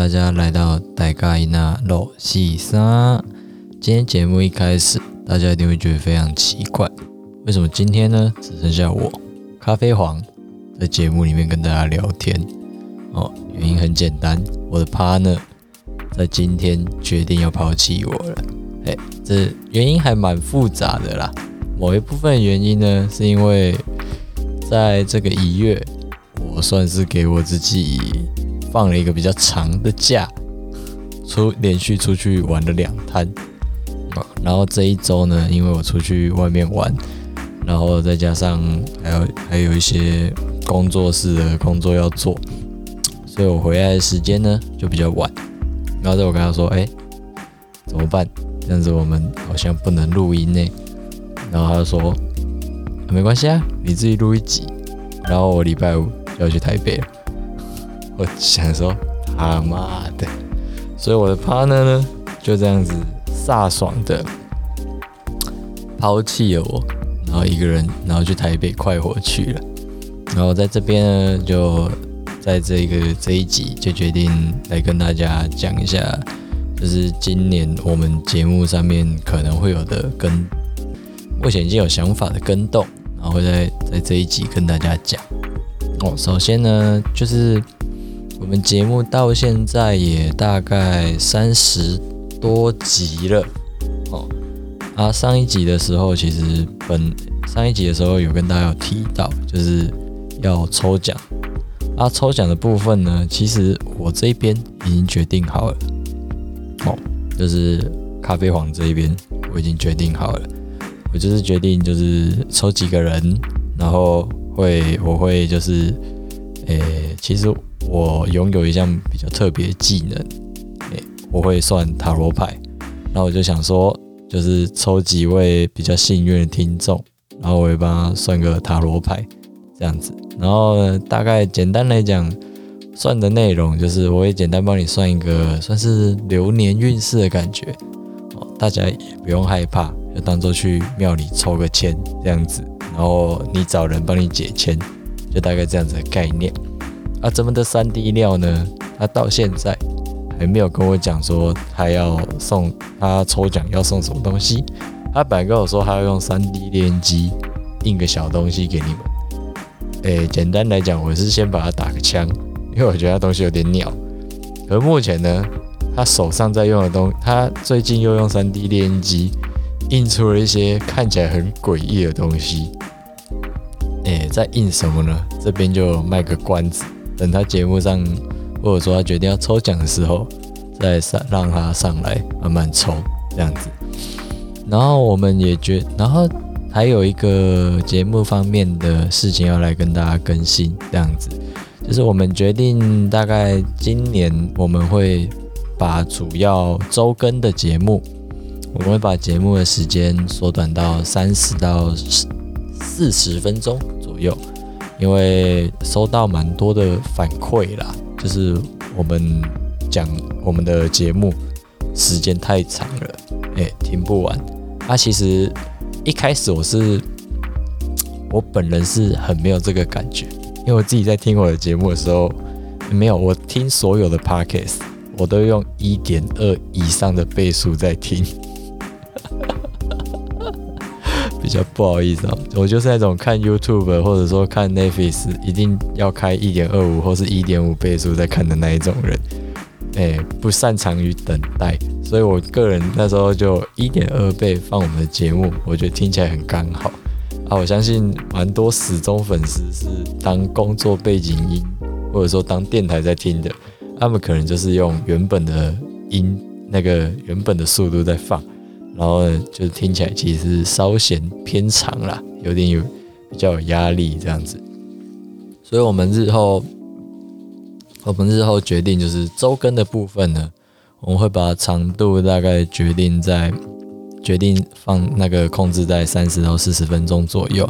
大家來到戴蓋納羅西沙。今天節目一開始，大家一定會覺得非常奇怪，為什麼今天呢只剩下我咖啡黃在節目裡面跟大家聊天？哦，原因很簡單，我的 partner 在今天決定要拋棄我了。哎，這原因還蠻複雜的啦。某一部分原因呢，是因為在這個一月，我算是給我自己。放了一個比較長的假，出連續出去玩了兩趟，然後這一周呢，因為我出去外面玩，然後再加上還有還有一些工作室的工作要做，所以我回來的時間呢就比較晚。然後在我跟他說：“哎、欸，怎麼辦？這樣子我們好像不能錄音呢。”然後他就說：“啊、沒關係啊，你自己錄一集，然後我禮拜五就要去台北了。”我想說，他媽的！所以我的 partner 呢，就這樣子颯爽的拋棄了我，然後一個人，然後去台北快活去了。然後在這邊呢，就在這個這一集，就決定來跟大家講一下，就是今年我們節目上面可能會有的跟目前已經有想法的更動，然後會在在這一集跟大家講。哦，首先呢，就是。我們節目到現在也大概三十多集了，哦，啊，上一集的時候，其實本上一集的時候有跟大家有提到，就是要抽獎。啊，抽獎的部分呢，其實我這邊已經決定好了，哦，就是咖啡黃這一邊我已經決定好了，我就是決定就是抽幾個人，然後會我會就是，誒，其實。我擁有一項比較特別的技能，誒，我會算塔羅牌。然後我就想說，就是抽幾位比較幸運的聽眾，然後我會幫他算個塔羅牌，這樣子。然後大概簡單來講，算的內容就是我會簡單幫你算一個算是流年運勢的感覺。大家也不用害怕，就當做去廟裡抽個籤這樣子。然後你找人幫你解籤，就大概這樣子的概念。啊，咱們的三 D 料呢？他、啊、到現在還沒有跟我講說他要送，他要抽獎要送什麼東西。他本來跟我說他要用三 D 列印機印個小東西給你們。誒、欸，簡單來講，我是先把它打個槍，因為我覺得他東西有點鳥。而目前呢，他手上在用的東西，他最近又用三 D 列印機印出了一些看起來很詭異的東西。誒、欸，在印什麼呢？這邊就賣個關子。等他節目上，或者說他決定要抽獎的時候，再上讓他上來慢慢抽這樣子。然後我們也決，然後還有一個節目方面的事情要來跟大家更新這樣子，就是我們決定大概今年我們會把主要周更的節目，我們會把節目的時間縮短到三十到四四十分鐘左右。因為收到蠻多的反饋啦，就是我們講我們的節目時間太長了，哎，聽不完。那、啊、其實一開始我是我本人是很沒有這個感覺，因為我自己在聽我的節目的時候，沒有我聽所有的 podcast，我都用一點二以上的倍數在聽。比較不好意思啊，我就是那種看 YouTube 或者說看 Netflix 一定要開一點二五或是一點五倍速在看的那一種人，哎、欸，不擅長於等待，所以我個人那時候就一點二倍放我們的節目，我覺得聽起來很剛好啊。我相信蠻多死忠粉絲是當工作背景音或者說當電台在聽的，他、啊、們可能就是用原本的音，那個原本的速度在放，然後就聽起來其實稍嫌偏長啦，有點有比較有壓力這樣子，所以我們日後我們日後決定就是周更的部分呢，我們會把長度大概決定在決定放那個控制在三十到四十分鐘左右，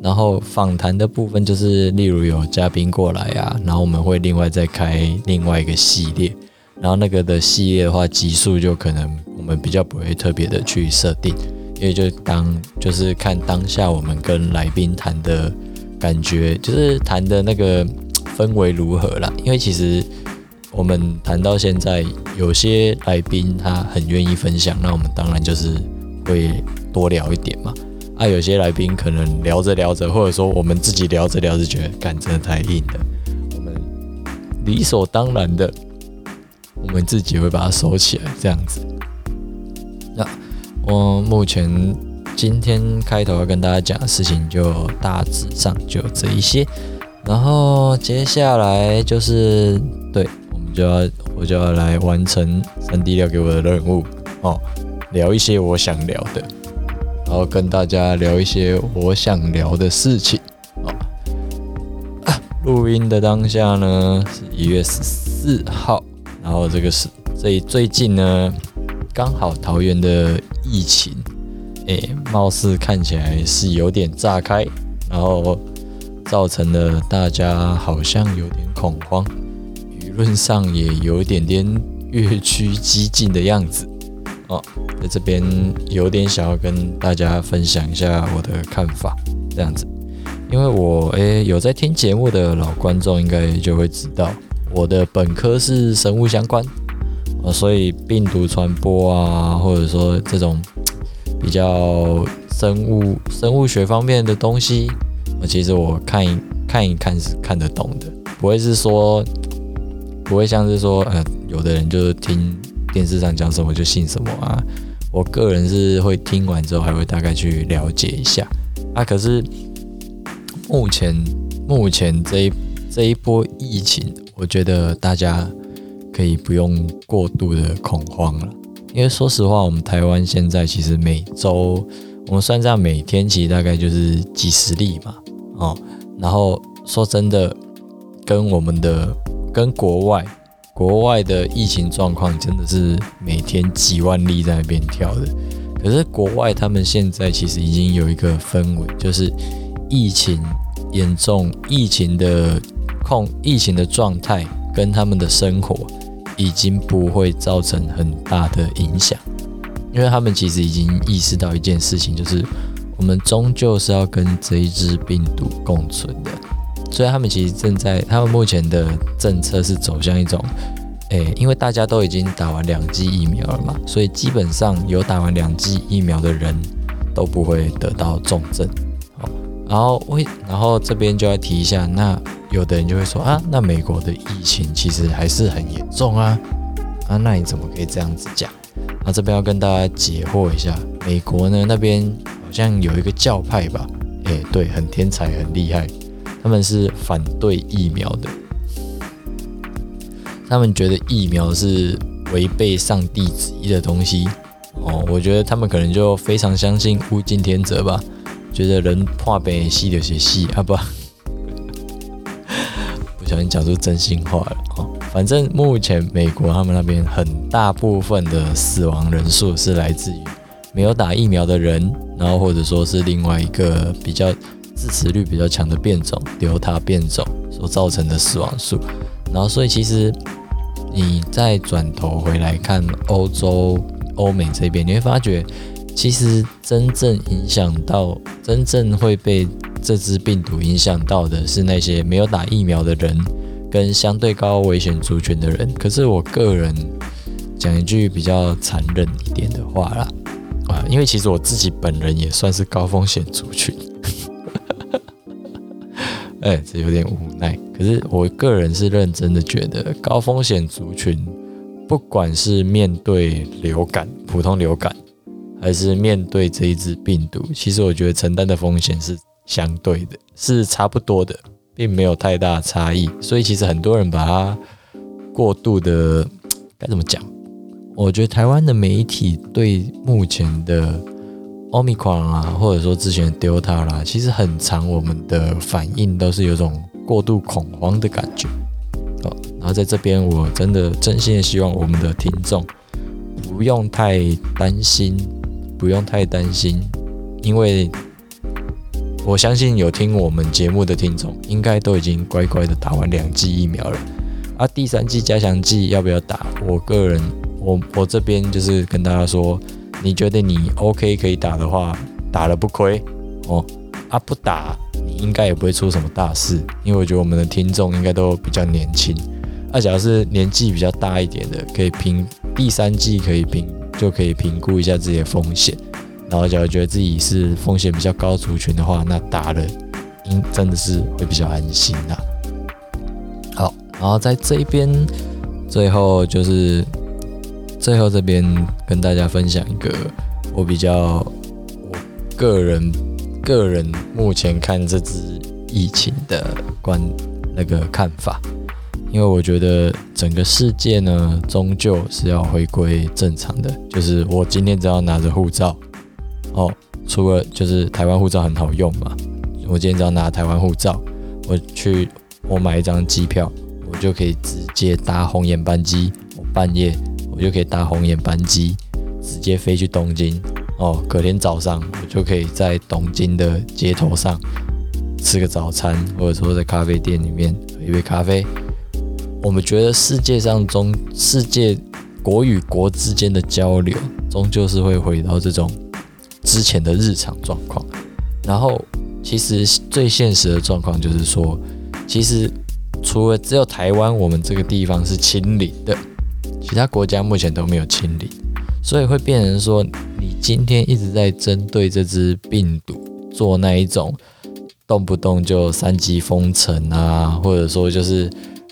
然後訪談的部分就是例如有嘉賓過來啊，然後我們會另外再開另外一個系列，然後那個的系列的話集數就可能。我們比較不會特別的去設定，因為就當就是看當下我們跟來賓談的感覺，就是談的那個氛圍如何啦。因為其實我們談到現在，有些來賓他很願意分享，那我們當然就是會多聊一點嘛。啊，有些來賓可能聊着聊着，或者說我們自己聊着聊着覺得，感覺太硬了，我們理所當然的，我們自己會把它收起來，這樣子。我目前今天開頭要跟大家講的事情就大致上就這一些，然後接下來就是對我們就要我就要來完成三 D 聊給我的任務哦，聊一些我想聊的，然後跟大家聊一些我想聊的事情。好，錄音的當下呢是一月十四號，然後這個是所以最近呢剛好桃園的。疫情，誒、欸，貌似看起來是有點炸開，然後造成了大家好像有點恐慌，輿論上也有一點點越趨激進的樣子。哦，在這邊有點想要跟大家分享一下我的看法，這樣子，因為我誒、欸，有在聽節目的老觀眾應該就會知道，我的本科是生物相關。所以病毒傳播啊，或者說這種比較生物生物學方面的東西，其實我看一看一看是看得懂的，不會是說，不會像是說，呃，有的人就是聽電視上講什麼就信什麼啊。我個人是會聽完之後還會大概去了解一下。啊，可是目前目前這一這一波疫情，我覺得大家。可以不用過度的恐慌了，因為說實話，我們台灣現在其實每周，我們算賬，每天，其實大概就是幾十例嘛，哦，然後說真的，跟我們的跟國外，國外的疫情狀況真的是每天幾萬例在那邊跳的，可是國外他們現在其實已經有一個氛圍，就是疫情嚴重，疫情的控，疫情的狀態跟他們的生活。已經不會造成很大的影響，因為他們其實已經意識到一件事情，就是我們終究是要跟這一支病毒共存的，所以他們其實正在，他們目前的政策是走向一種，誒、欸，因為大家都已經打完兩劑疫苗了嘛，所以基本上有打完兩劑疫苗的人，都不會得到重症。然後會，然後這邊就要提一下，那有的人就會說啊，那美國的疫情其實還是很嚴重啊，啊，那你怎麼可以這樣子講？那、啊、這邊要跟大家解惑一下，美國呢那邊好像有一個教派吧，誒對，很天才很厲害，他們是反對疫苗的，他們覺得疫苗是違背上帝旨意的東西，哦，我覺得他們可能就非常相信物競天擇吧。覺得人怕被細，有些細。啊，不， 不小心講出真心話了啊，哦。反正目前美國他們那邊很大部分的死亡人數是來自於沒有打疫苗的人，然後或者說是另外一個比較致死率比較強的變種，流他變種所造成的死亡數。然後所以其實你再轉頭回來看歐洲、歐美這邊，你會發覺。其實真正影響到，真正會被這隻病毒影響到的是那些沒有打疫苗的人跟相對高危險族群的人。可是我個人講一句比較殘忍一點的話啦，啊，因為其實我自己本人也算是高風險族群，哎、 欸，這有點無奈。可是我個人是認真的，覺得高風險族群不管是面對流感、普通流感。還是面對這一支病毒，其實我覺得承擔的風險是相對的，是差不多的，並沒有太大差異。所以，其實很多人把它過度的該怎麼講？我覺得台灣的媒體對目前的 Omicron 啊，或者說之前的 Delta 啦，啊，其實很常，我們的反應都是有種過度恐慌的感覺。哦、然後在這邊，我真的真心的希望我們的聽眾不用太擔心。不用太擔心，因為我相信有聽我們節目的聽眾，應該都已經乖乖的打完兩劑疫苗了。啊，第三劑加強劑要不要打？我個人，我我這邊就是跟大家說，你覺得你 OK 可以打的話，打了不虧哦。啊，不打，你應該也不會出什麼大事，因為我覺得我們的聽眾應該都比較年輕，啊，假如是年紀比較大一點的，可以拼第三劑，可以拼。就可以評估一下自己的風險，然後假如覺得自己是風險比較高族群的話，那打了，應真的是會比較安心的啊。好，然後在這一邊，最後就是最後這邊跟大家分享一個我比較我個人個人目前看這次疫情的觀那個看法。因為我覺得整個世界呢，終究是要回歸正常的。就是我今天只要拿着護照，哦，除了就是台灣護照很好用嘛，我今天只要拿台灣護照，我去我買一張機票，我就可以直接搭紅眼班機。我半夜我就可以搭紅眼班機，直接飛去東京。哦，隔天早上我就可以在東京的街頭上吃個早餐，或者說在咖啡店裡面喝一杯咖啡。我們覺得世界上中世界國與國之間的交流，終究是會回到這種之前的日常狀況。然後，其實最現實的狀況就是說，其實除了只有台灣我們這個地方是清零的，其他國家目前都沒有清零，所以會變成說，你今天一直在針對這隻病毒做那一種，動不動就三級封城啊，或者說就是。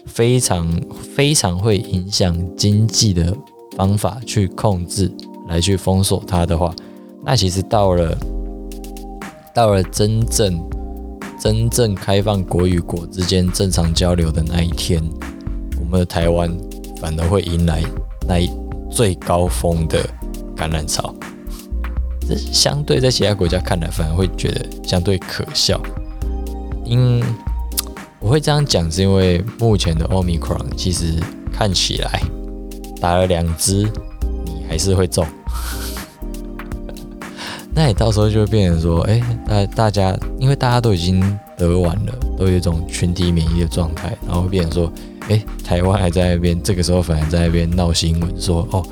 非常非常會影響經濟的方法去控制，來去封鎖它的話，那其實到了到了真正真正開放國與國之間正常交流的那一天，我們的台灣反而會迎來那一最高峰的感染潮。這相對在其他國家看來，反而會覺得相對可笑，因。我會這樣講，是因為目前的 Omicron 其實看起來打了兩隻你還是會中。 那你到時候就變成說，誒，大大家因為大家都已經得完了，都有一種群體免疫的狀態，然後變成說，誒，台灣還在那邊，這個時候反而在那邊鬧新聞，說哦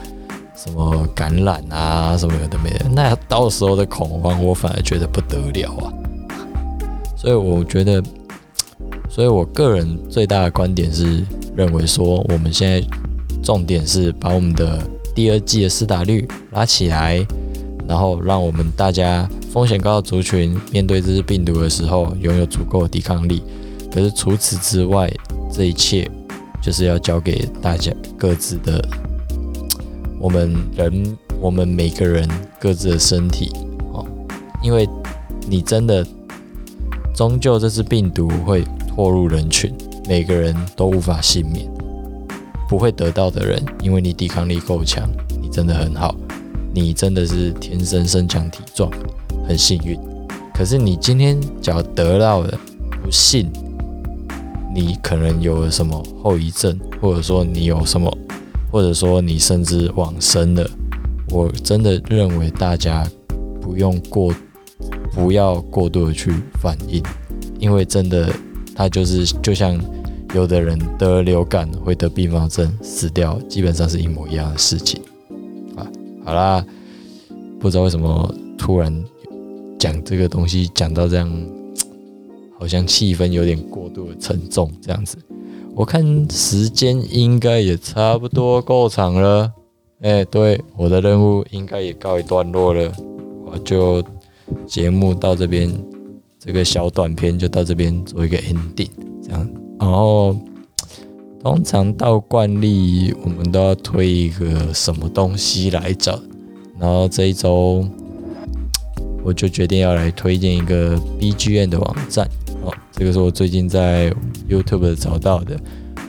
什麼感染啊什麼有的沒的，那到時候的恐慌，我反而覺得不得了啊。所以我覺得。所以，我個人最大的觀點是認為說，我們現在重點是把我們的第二劑的施打率拉起來，然後讓我們大家風險高的族群面對這隻病毒的時候擁有足夠的抵抗力。可是除此之外，這一切就是要交給大家各自的我們人，我們每個人各自的身體啊，因為你真的終究這隻病毒會。落入人群，每個人都無法幸免。不會得到的人，因為你抵抗力夠強，你真的很好，你真的是天生身強體壯，很幸運。可是你今天只要得到了，不幸，你可能有了什麼後遺症，或者說你有什麼，或者說你甚至往生了。我真的認為大家不用過，不要過度的去反應，因為真的。它就是就像有的人得流感會得併發症死掉，基本上是一模一樣的事情啊。好啦，不知道為什麼突然講這個東西講到這樣，好像氣氛有點過度的沉重這樣子。我看時間應該也差不多夠長了，哎、欸，對，我的任務應該也告一段落了，我就節目到這邊。這個小短片就到這邊做一個 ending，這樣，然後通常到慣例，我們都要推一個什麼東西來找，然後這一周我就決定要來推薦一個 BGM 的網站。哦，這個是我最近在 YouTube 找到的，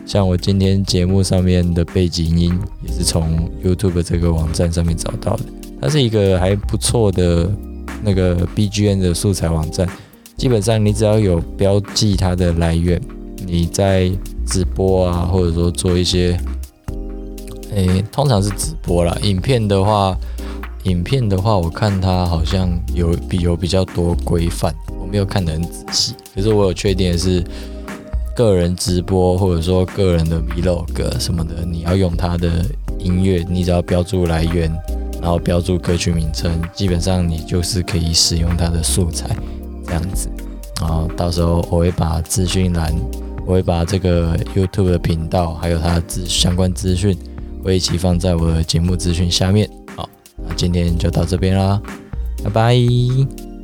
像我今天節目上面的背景音也是從 YouTube 這個網站上面找到的，它是一個還不錯的那個 BGM 的素材網站。基本上，你只要有標記它的來源，你在直播啊，或者說做一些，誒、欸，通常是直播啦。影片的話，影片的話，我看它好像有比有比較多規範，我沒有看得很仔細。可是我有確定的是，個人直播或者說個人的 vlog 什麼的，你要用它的音樂，你只要標注來源，然後標注歌曲名稱，基本上你就是可以使用它的素材。這樣子，然後到時候我會把資訊欄，我會把這個 YouTube 的頻道，還有他的資相關資訊，會一起放在我的節目資訊下面。好，那今天就到這邊啦，拜拜。